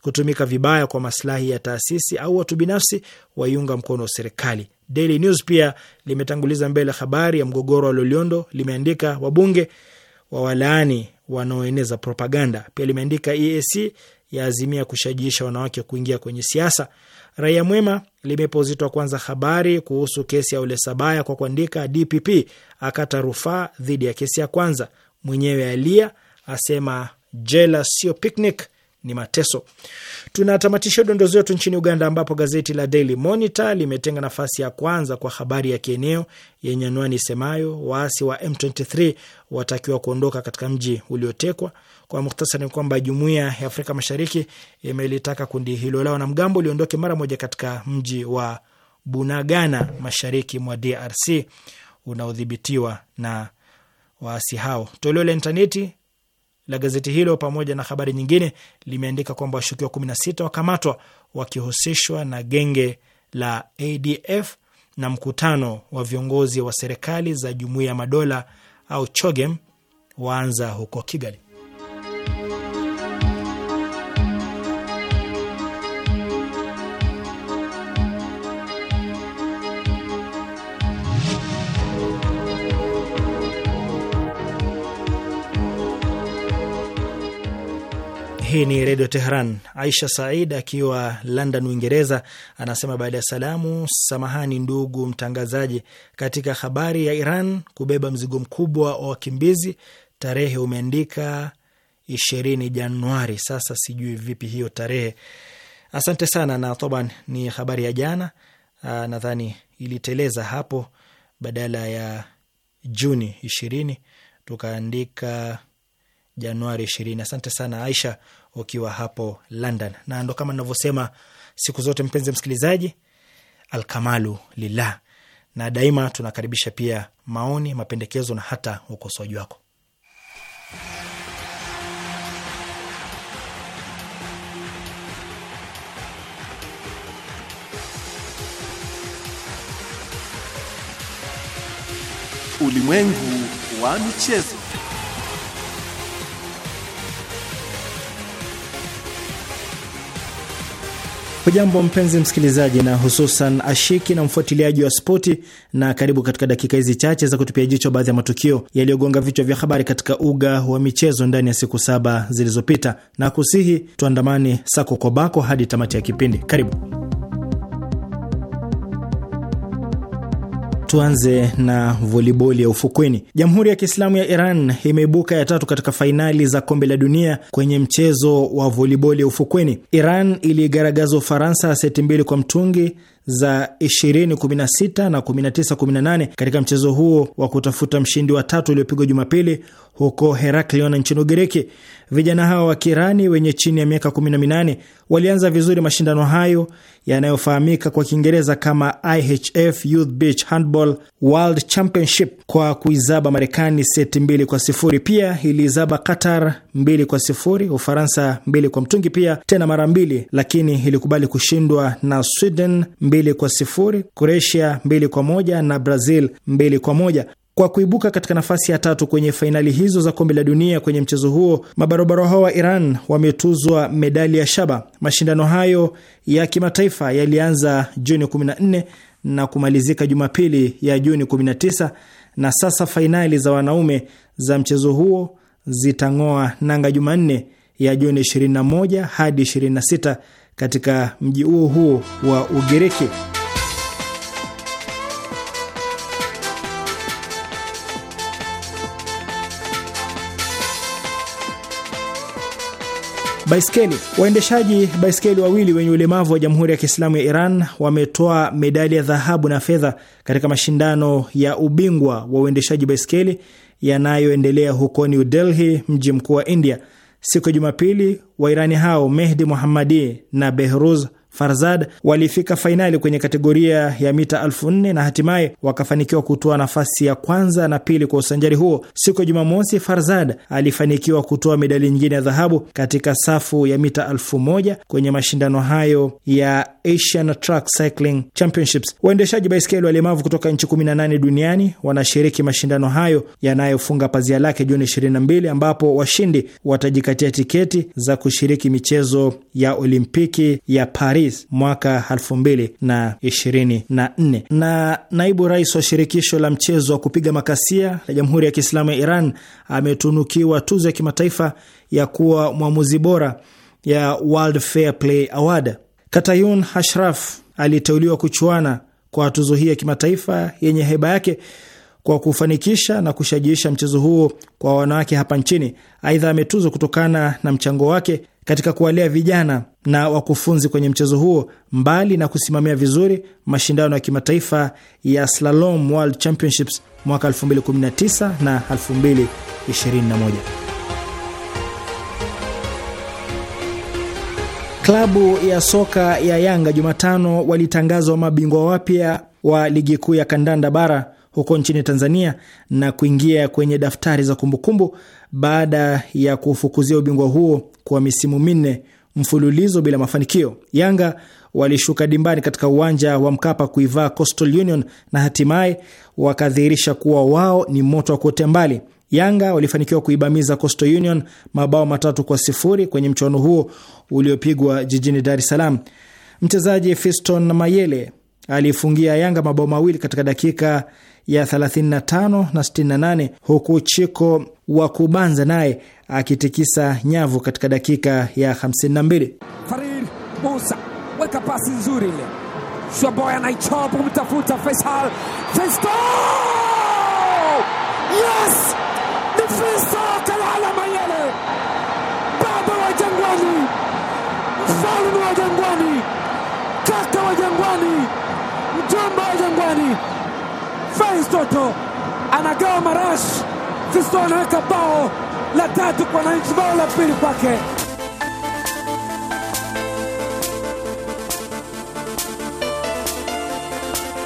kutumika vibaya kwa maslahi ya taasisi au watu binafsi, waiunga mkono serikali. Daily News pia limetanguliza mbele habari ya mgogoro wa Loliondo, limeandika wabunge wa walaani wanaoeneza propaganda. Pia limeandika EAC yaazimia kushajiisha wanawake kuingia kwenye siasa. Raia Mwema limepa uzito wa kwanza habari kuhusu kesi ya ule Sabaya kwa kuandika DPP akata rufaa dhidi ya kesi ya kwanza, mwenyewe alia, asema jela sio picnic, ni mateso. Tunatamatisha dondozi zetu nchini Uganda, ambapo gazeti la Daily Monitor limetenga nafasi ya kwanza kwa habari ya kieneo yenye anwani isemayo waasi wa M23 watakiwa kuondoka katika mji uliotekwa. Kwa muhtasari, ni kwamba jumuiya ya Afrika Mashariki imelitaka kundi hilo la wanamgambo liondoke mara moja katika mji wa Bunagana mashariki mwa DRC unaodhibitiwa na waasi hao. Toleo la intaneti la gazeti hilo pamoja na habari nyingine limeandika kwamba washukiwa 16 wakamatwa wakihusishwa na genge la ADF na mkutano wa viongozi wa serikali za jumuiya ya madola au CHOGEM waanza huko Kigali. Hii ni Redio Teheran. Aisha Said akiwa London, Uingereza, anasema baada ya salamu, samahani ndugu mtangazaji, katika habari ya Iran kubeba mzigo mkubwa wa wakimbizi, tarehe umeandika ishirini Januari. Sasa sijui vipi hiyo tarehe. Asante sana, na toban ni habari ya jana, ah, nadhani iliteleza hapo, badala ya Juni ishirini tukaandika Januari ishirini. Asante sana Aisha ukiwa hapo London. Na ndo kama ninavyosema siku zote, mpenzi msikilizaji, alkamalu lillah, na daima tunakaribisha pia maoni, mapendekezo na hata ukosoaji wako. Ulimwengu wa michezo. Hujambo mpenzi msikilizaji, na hususan ashiki na mfuatiliaji wa spoti, na karibu katika dakika hizi chache za kutupia jicho baadhi ya matukio yaliyogonga vichwa vya habari katika uga wa michezo ndani ya siku saba zilizopita, na kusihi tuandamani sako kwa bako hadi tamati ya kipindi. Karibu. Tuanze na voliboli ya ufukweni. Jamhuri ya Kiislamu ya Iran imeibuka ya tatu katika fainali za kombe la dunia kwenye mchezo wa voliboli ya ufukweni. Iran iliigaragaza Ufaransa seti mbili kwa mtungi za 20 16 na 19 18 katika mchezo huo wa kutafuta mshindi wa tatu uliopigwa Jumapili huko Heraklion nchini Ugiriki. Vijana hao wa Kirani wenye chini ya miaka 18 walianza vizuri mashindano hayo yanayofahamika kwa Kiingereza kama IHF Youth Beach Handball World Championship kwa kuizaba Marekani seti mbili kwa sifuri. Pia iliizaba Qatar mbili kwa sifuri, Ufaransa mbili kwa mtungi pia tena mara mbili, lakini ilikubali kushindwa na Sweden mbili kwa sifuri, Croatia mbili kwa moja na Brazil mbili kwa moja kwa kuibuka katika nafasi ya tatu kwenye fainali hizo za kombe la dunia. Kwenye mchezo huo mabarobaro hao wa Iran wametuzwa medali ya shaba. Mashindano hayo ya kimataifa yalianza Juni 14 na kumalizika Jumapili ya Juni 19, na sasa fainali za wanaume za mchezo huo zitang'oa nanga Jumanne ya Juni 21 hadi 26 katika mji huo huo wa Ugiriki. Baiskeli. Waendeshaji baiskeli wawili wenye ulemavu wa Jamhuri ya Kiislamu ya Iran wametoa medali ya dhahabu na fedha katika mashindano ya ubingwa wa uendeshaji baiskeli yanayoendelea huko New Delhi, mji mkuu wa India, siku ya Jumapili. Wairani hao Mehdi Muhammadi na Behruz Farzad walifika fainali kwenye kategoria ya mita 4 na hatimaye wakafanikiwa kutoa nafasi ya kwanza na pili kwa usanjari huo. Siku ya Jumamosi, Farzad alifanikiwa kutoa medali nyingine ya dhahabu katika safu ya mita a1 kwenye mashindano hayo ya Asian Track Cycling Championships. Waendeshaji baiskeli walemavu kutoka nchi 18 duniani wanashiriki mashindano hayo yanayofunga pazia lake Juni 22, ambapo washindi watajikatia tiketi za kushiriki michezo ya Olimpiki ya Paris mwaka 2024. Na, na naibu rais wa shirikisho la mchezo wa kupiga makasia la Jamhuri ya Kiislamu ya Iran ametunukiwa tuzo ya kimataifa ya kuwa mwamuzi bora ya World Fair Play Award. Katayun Ashraf aliteuliwa kuchuana kwa tuzo hii ya kimataifa yenye heba yake kwa kufanikisha na kushajiisha mchezo huo kwa wanawake hapa nchini. Aidha, ametuzwa kutokana na mchango wake katika kuwalea vijana na wakufunzi kwenye mchezo huo, mbali na kusimamia vizuri mashindano ya kimataifa ya Slalom World Championships mwaka 2019 na 2021. Klabu ya soka ya Yanga Jumatano walitangazwa mabingwa wapya wa ligi kuu ya kandanda bara huko nchini Tanzania na kuingia kwenye daftari za kumbukumbu baada ya kufukuzia ubingwa huo kwa misimu minne mfululizo bila mafanikio. Yanga walishuka dimbani katika uwanja wa Mkapa kuivaa Coastal Union na hatimaye wakadhihirisha kuwa wao ni moto wa kuotea mbali. Yanga walifanikiwa kuibamiza Coastal Union mabao matatu kwa sifuri kwenye mchuano huo uliopigwa jijini Dar es Salaam. Mchezaji Fiston Mayele alifungia Yanga mabao mawili katika dakika ya 35 na 68, huku Chiko wa Kubanza naye akitikisa nyavu katika dakika ya 52. Farid Musa weka pasi nzuri ile, Shaboy anaichopa kumtafuta Faisal Fiston في ساق العلم يلي baba wa Jangwani, mfalme wa Jangwani, kaka wa Jangwani, mjomba wa Jangwani. Feisdoto anagawa marashi, Fisto anaweka bao la tatu kwa wananchi, bao la pili kwake.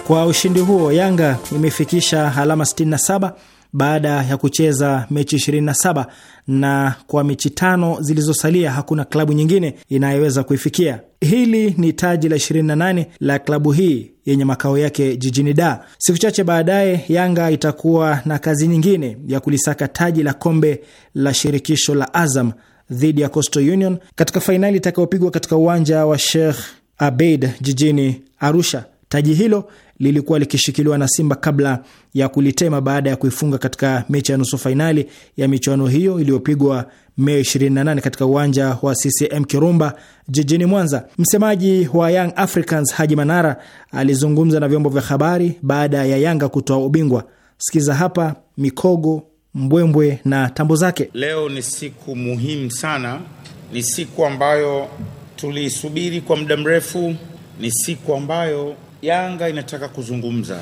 Kwa ushindi huo Yanga imefikisha alama 67 baada ya kucheza mechi 27 na kwa mechi tano zilizosalia hakuna klabu nyingine inayoweza kuifikia. Hili ni taji la 28 la klabu hii yenye makao yake jijini da Siku chache baadaye, Yanga itakuwa na kazi nyingine ya kulisaka taji la kombe la shirikisho la Azam dhidi ya Coastal Union katika fainali itakayopigwa katika uwanja wa Sheikh Abeid jijini Arusha. Taji hilo lilikuwa likishikiliwa na Simba kabla ya kulitema baada ya kuifunga katika mechi ya nusu fainali ya michuano hiyo iliyopigwa Mei 28 katika uwanja wa CCM Kirumba jijini Mwanza. Msemaji wa Young Africans Haji Manara alizungumza na vyombo vya habari baada ya Yanga kutoa ubingwa. Sikiza hapa mikogo, mbwembwe na tambo zake. Leo ni siku muhimu sana, ni siku ambayo tuliisubiri kwa muda mrefu, ni siku ambayo Yanga inataka kuzungumza.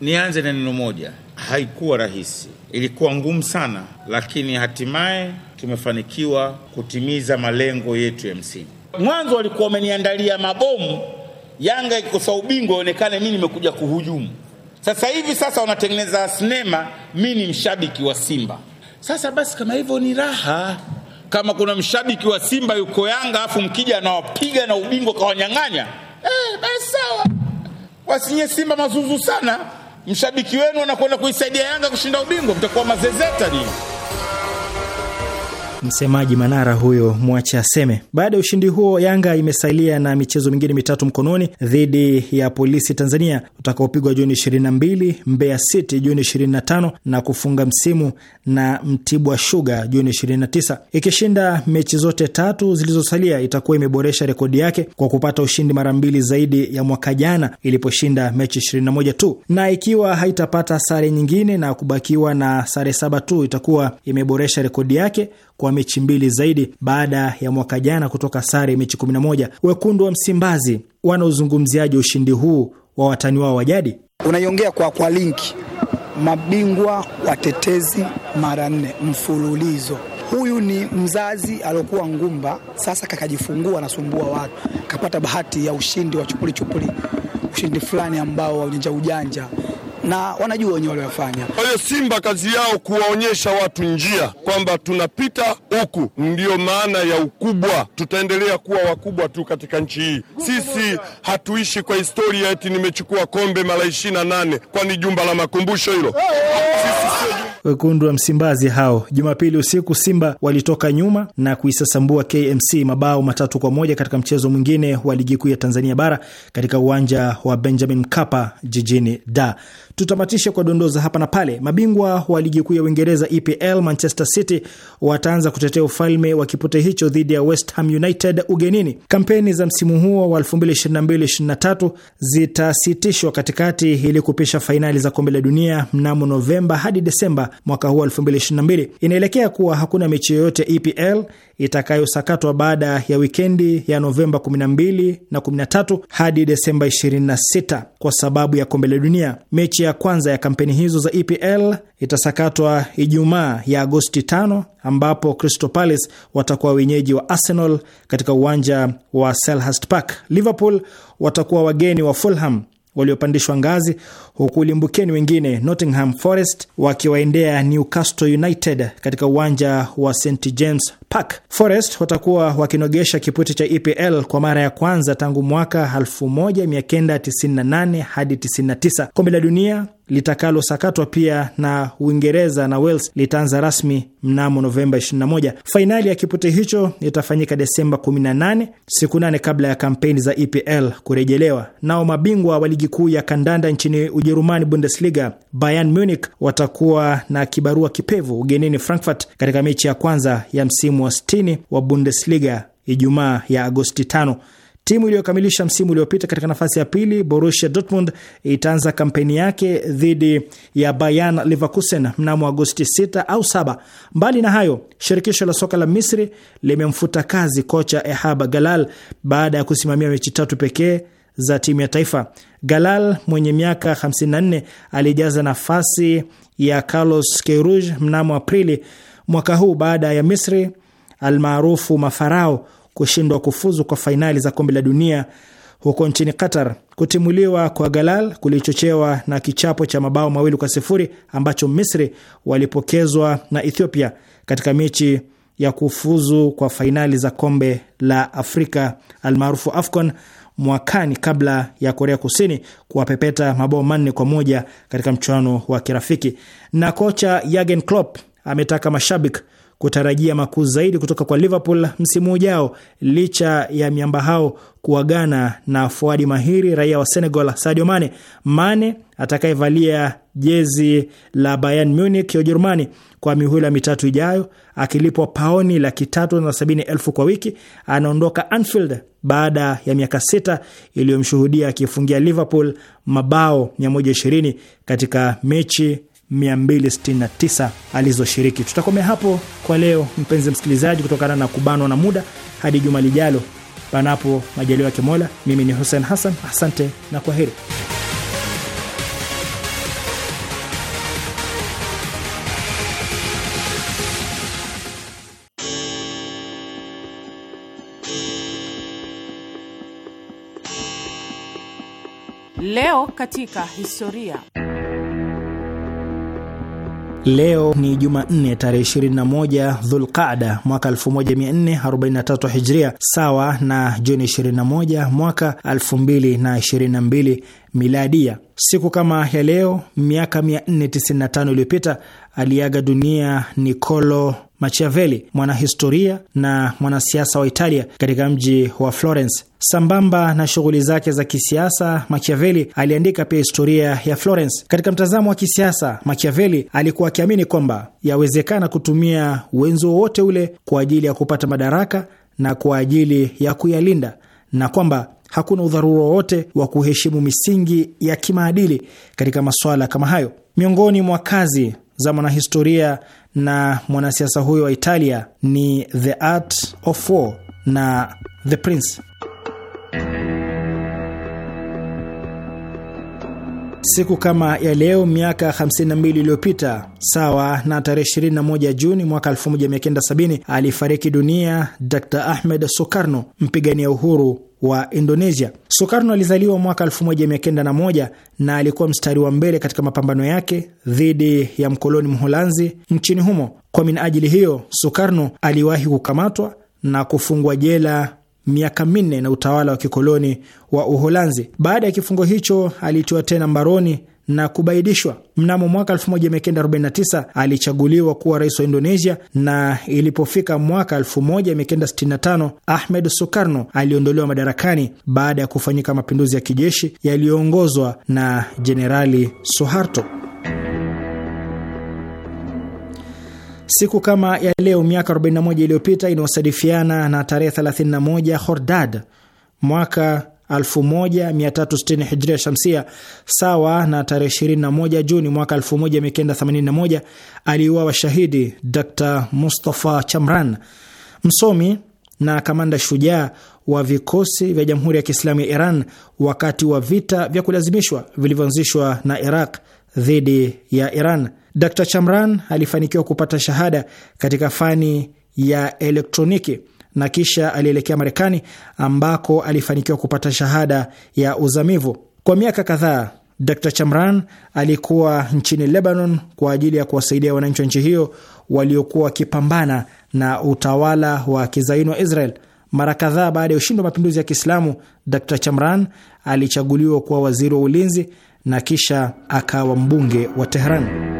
Nianze na neno moja, haikuwa rahisi, ilikuwa ngumu sana, lakini hatimaye tumefanikiwa kutimiza malengo yetu ya msingi. Mwanzo walikuwa wameniandalia mabomu, Yanga ikikosa ubingwa ionekane mi nimekuja kuhujumu. Sasa hivi sasa wanatengeneza sinema, mi ni mshabiki wa Simba. Sasa basi, kama hivyo ni raha kama kuna mshabiki wa Simba yuko Yanga afu mkija anawapiga na ubingwa kawanyang'anya, eh, basi sawa wasinye Simba mazuzu sana. Mshabiki wenu anakwenda kuisaidia Yanga kushinda ubingwa, mtakuwa mazezeta nini? msemaji Manara huyo mwache aseme. Baada ya ushindi huo, Yanga imesalia na michezo mingine mitatu mkononi dhidi ya Polisi Tanzania utakaopigwa Juni 22, Mbeya City Juni 25 na kufunga msimu na Mtibwa shuga Juni 29. Ikishinda mechi zote tatu zilizosalia, itakuwa imeboresha rekodi yake kwa kupata ushindi mara mbili zaidi ya mwaka jana iliposhinda mechi 21 tu, na ikiwa haitapata sare nyingine na kubakiwa na sare saba tu, itakuwa imeboresha rekodi yake kwa mechi mbili zaidi baada ya mwaka jana kutoka sare mechi 11. Wekundu wa Msimbazi wana uzungumziaji ushindi huu wa watani wao wa jadi? Unaiongea kwa kwa linki, mabingwa watetezi mara nne mfululizo. Huyu ni mzazi aliokuwa ngumba, sasa kakajifungua, anasumbua watu, kapata bahati ya ushindi wa chupuli chupuli, ushindi fulani ambao wa ujanja ujanja na wanajua wenyewe waliofanya. Kwa hiyo Simba kazi yao kuwaonyesha watu njia kwamba tunapita huku, ndiyo maana ya ukubwa. Tutaendelea kuwa wakubwa tu katika nchi hii. Sisi hatuishi kwa historia eti nimechukua kombe mara ishirini na nane, kwani jumba la makumbusho hilo? Wekundu wa Msimbazi hao Jumapili usiku Simba walitoka nyuma na kuisasambua KMC mabao matatu kwa moja katika mchezo mwingine wa ligi kuu ya Tanzania bara katika uwanja wa Benjamin Mkapa jijini Dar. Tutamatishe kwa dondoza hapa na pale. Mabingwa wa ligi kuu ya Uingereza EPL, Manchester City wataanza kutetea ufalme wa kipote hicho dhidi ya West Ham United ugenini. Kampeni za msimu huo wa 2022 zitasitishwa katikati ili kupisha fainali za kombe la dunia mnamo Novemba hadi Desemba mwaka huu 2022. Inaelekea kuwa hakuna mechi yoyote EPL itakayosakatwa baada ya wikendi ya Novemba 12 na 13 hadi Desemba 26 kwa sababu ya kombe la dunia. Mechi ya kwanza ya kampeni hizo za EPL itasakatwa Ijumaa ya Agosti 5 ambapo Crystal Palace watakuwa wenyeji wa Arsenal katika uwanja wa Selhurst Park. Liverpool watakuwa wageni wa Fulham waliopandishwa ngazi huku wengine Nottingham Forest wakiwaendea Newcastle United katika uwanja wa St James Park. Forest watakuwa wakinogesha kipute cha EPL kwa mara ya kwanza tangu mwaka 1998 hadi 99. Kombe la dunia litakalosakatwa pia na Uingereza na Wales litaanza rasmi mnamo Novemba 21. Fainali ya kipute hicho itafanyika Desemba 18, siku nane kabla ya kampeni za EPL kurejelewa. Nao mabingwa wa ligi kuu ya kandanda nchini Ujerumani Bundesliga, Bayern Munich watakuwa na kibarua kipevu ugenini Frankfurt katika mechi ya kwanza ya msimu wa 60 wa Bundesliga Ijumaa ya Agosti 5. Timu iliyokamilisha msimu uliopita katika nafasi ya pili, Borussia Dortmund itaanza kampeni yake dhidi ya Bayern Leverkusen mnamo Agosti 6 au 7. Mbali na hayo, shirikisho la soka la Misri limemfuta kazi kocha Ehab Galal baada ya kusimamia mechi tatu pekee za timu ya taifa. Galal mwenye miaka 54 alijaza nafasi ya Carlos Queiroz mnamo Aprili mwaka huu baada ya Misri almaarufu mafarao kushindwa kufuzu kwa fainali za kombe la dunia huko nchini Qatar. Kutimuliwa kwa Galal kulichochewa na kichapo cha mabao mawili kwa sifuri ambacho Misri walipokezwa na Ethiopia katika mechi ya kufuzu kwa fainali za kombe la Afrika almaarufu AFCON mwakani kabla ya Korea Kusini kuwapepeta mabao manne kwa moja katika mchuano wa kirafiki. Na kocha Jurgen Klopp ametaka mashabiki kutarajia makuu zaidi kutoka kwa Liverpool msimu ujao licha ya miamba hao kuagana na fuadi mahiri raia wa Senegal Sadio Mane. Mane atakayevalia jezi la Bayern Munich ya Ujerumani kwa mihula mitatu ijayo, akilipwa paoni laki tatu na sabini elfu kwa wiki. Anaondoka Anfield baada ya miaka sita iliyomshuhudia akifungia Liverpool mabao 120 katika mechi 269 alizoshiriki. Tutakomea hapo kwa leo, mpenzi msikilizaji, kutokana na kubanwa na muda. Hadi juma lijalo, panapo majaliwa ya Kimola, mimi ni Hussein Hassan, asante na kwa heri Leo katika historia. Leo ni Jumanne tarehe 21 Dhulqada mwaka 1443 Hijria, sawa na Juni 21 mwaka 2022 Miladia. Siku kama ya leo miaka 495 iliyopita aliaga dunia Nicolo Machiavelli, mwanahistoria na mwanasiasa wa Italia, katika mji wa Florence. Sambamba na shughuli zake za kisiasa, Machiavelli aliandika pia historia ya Florence. Katika mtazamo wa kisiasa, Machiavelli alikuwa akiamini kwamba yawezekana kutumia wenzo wowote ule kwa ajili ya kupata madaraka na kwa ajili ya kuyalinda na kwamba hakuna udharura wowote wa kuheshimu misingi ya kimaadili katika masuala kama hayo. Miongoni mwa kazi za mwanahistoria na mwanasiasa huyo wa Italia ni The Art of War na The Prince. Siku kama ya leo miaka 52 iliyopita, sawa na tarehe 21 Juni mwaka 1970, alifariki dunia Dr Ahmed Sukarno, mpigania uhuru wa Indonesia. Sukarno alizaliwa mwaka 1901 na, na alikuwa mstari wa mbele katika mapambano yake dhidi ya mkoloni Mholanzi nchini humo. Kwa minajili hiyo, Sukarno aliwahi kukamatwa na kufungwa jela miaka minne na utawala wa kikoloni wa Uholanzi. Baada ya kifungo hicho, alitiwa tena mbaroni na kubaidishwa. Mnamo mwaka 1949 alichaguliwa kuwa rais wa Indonesia, na ilipofika mwaka 1965 Ahmed Sukarno aliondolewa madarakani baada ya kufanyika mapinduzi ya kijeshi yaliyoongozwa na Jenerali Suharto. Siku kama ya leo miaka 41 iliyopita inayosadifiana na tarehe 31 Hordad mwaka 1360 hijria shamsia sawa na tarehe 21 Juni mwaka 1981 aliuawa shahidi Dr Mustafa Chamran, msomi na kamanda shujaa wa vikosi vya Jamhuri ya Kiislamu ya Iran wakati wa vita vya kulazimishwa vilivyoanzishwa na Iraq dhidi ya Iran. Dr Chamran alifanikiwa kupata shahada katika fani ya elektroniki na kisha alielekea Marekani ambako alifanikiwa kupata shahada ya uzamivu. Kwa miaka kadhaa, Dr Chamran alikuwa nchini Lebanon kwa ajili ya kuwasaidia wananchi wa nchi hiyo waliokuwa wakipambana na utawala wa kizaini wa Israel. Mara kadhaa baada ya ushindi wa mapinduzi ya Kiislamu, Dr Chamran alichaguliwa kuwa waziri wa ulinzi na kisha akawa mbunge wa teheran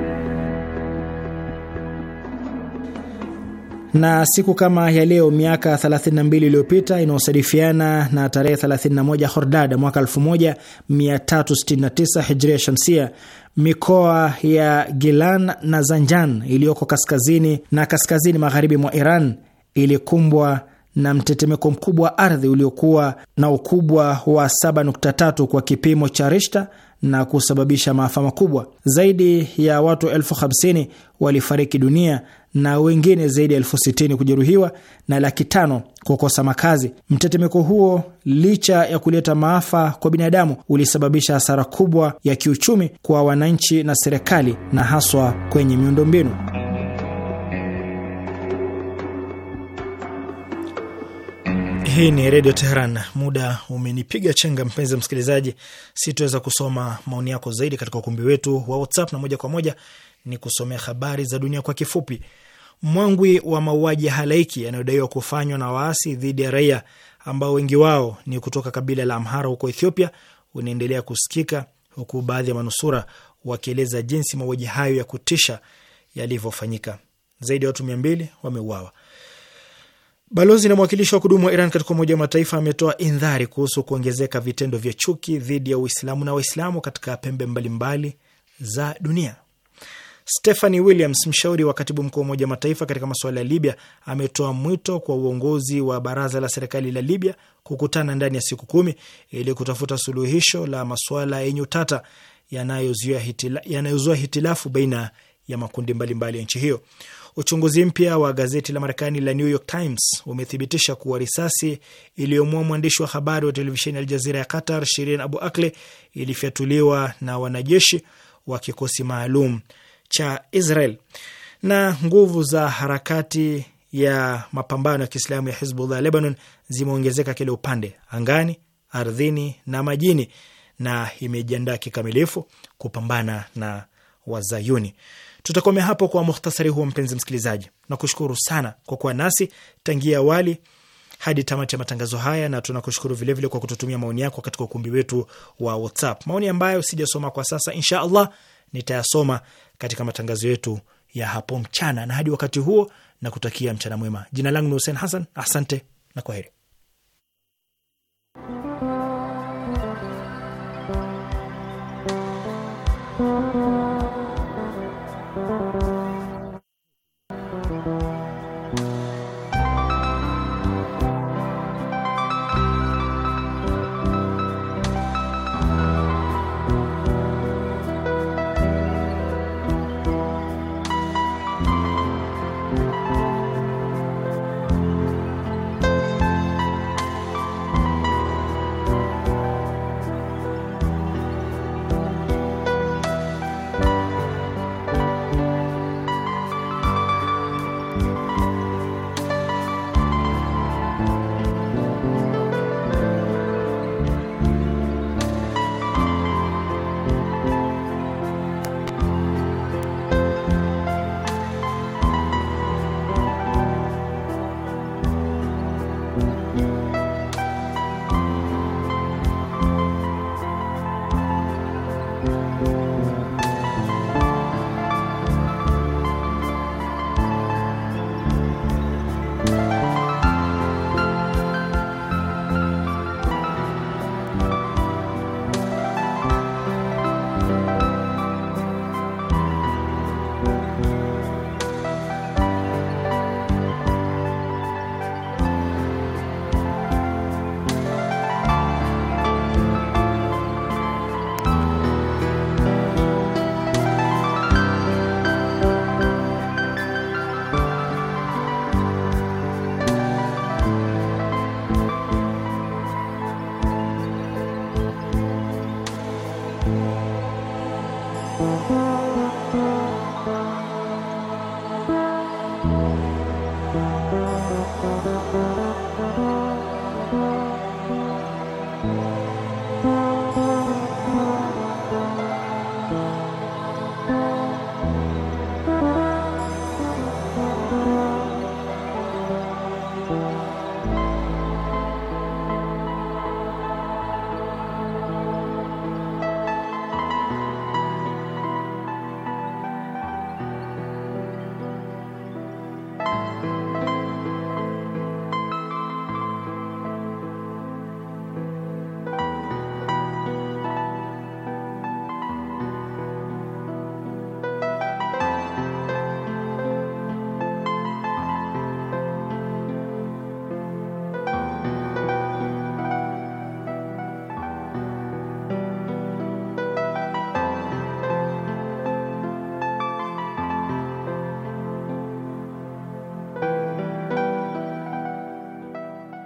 na siku kama ya leo miaka 32 iliyopita inayosadifiana na tarehe 31 Hordada mwaka 1369 Hijria Shamsia, mikoa ya Gilan na Zanjan iliyoko kaskazini na kaskazini magharibi mwa Iran ilikumbwa na mtetemeko mkubwa wa ardhi uliokuwa na ukubwa wa 7.3 kwa kipimo cha Richter na kusababisha maafa makubwa. Zaidi ya watu elfu walifariki dunia na wengine zaidi ya elfu sitini kujeruhiwa na laki tano kukosa makazi. Mtetemeko huo licha ya kuleta maafa kwa binadamu, ulisababisha hasara kubwa ya kiuchumi kwa wananchi na serikali, na haswa kwenye miundombinu. Hii ni Redio Teheran. Muda umenipiga chenga, mpenzi msikilizaji, sitoweza kusoma maoni yako zaidi katika ukumbi wetu wa WhatsApp, na moja kwa moja ni kusomea habari za dunia kwa kifupi mwangwi wa mauaji halaiki yanayodaiwa kufanywa na waasi dhidi ya raia ambao wengi wao ni kutoka kabila la Amhara huko Ethiopia unaendelea kusikika huku baadhi ya manusura wakieleza jinsi mauaji hayo ya kutisha yalivyofanyika. Zaidi ya watu mia mbili wameuawa. Balozi na mwakilishi wa kudumu wa Iran katika Umoja wa Mataifa ametoa indhari kuhusu kuongezeka vitendo vya chuki dhidi ya Uislamu na Waislamu katika pembe mbalimbali mbali za dunia. Stephanie Williams, mshauri wa katibu mkuu wa Umoja Mataifa katika masuala ya Libya, ametoa mwito kwa uongozi wa baraza la serikali la Libya kukutana ndani ya siku kumi ili kutafuta suluhisho la masuala yenye utata yanayozua hitila, yanayozua hitilafu baina ya makundi mbalimbali ya nchi hiyo. Uchunguzi mpya wa gazeti la Marekani la New York Times umethibitisha kuwa risasi iliyomua mwandishi wa habari wa televisheni Al Jazira ya Qatar, Shirin Abu Akle, ilifyatuliwa na wanajeshi wa kikosi maalum cha Israel. Na nguvu za harakati ya mapambano ya Kiislamu ya Hizbullah Lebanon zimeongezeka kila upande, angani, ardhini na majini, na imejiandaa kikamilifu kupambana na Wazayuni. Tutakomea hapo kwa muhtasari huo, mpenzi msikilizaji, na kushukuru sana kwa kuwa nasi tangia awali hadi tamati ya matangazo haya, na tunakushukuru vilevile kwa kututumia maoni yako katika ukumbi wetu wa WhatsApp, maoni ambayo sijasoma kwa sasa. Insha Allah nitayasoma katika matangazo yetu ya hapo mchana, na hadi wakati huo na kutakia mchana mwema. Jina langu ni Hussein Hassan, asante na kwaheri.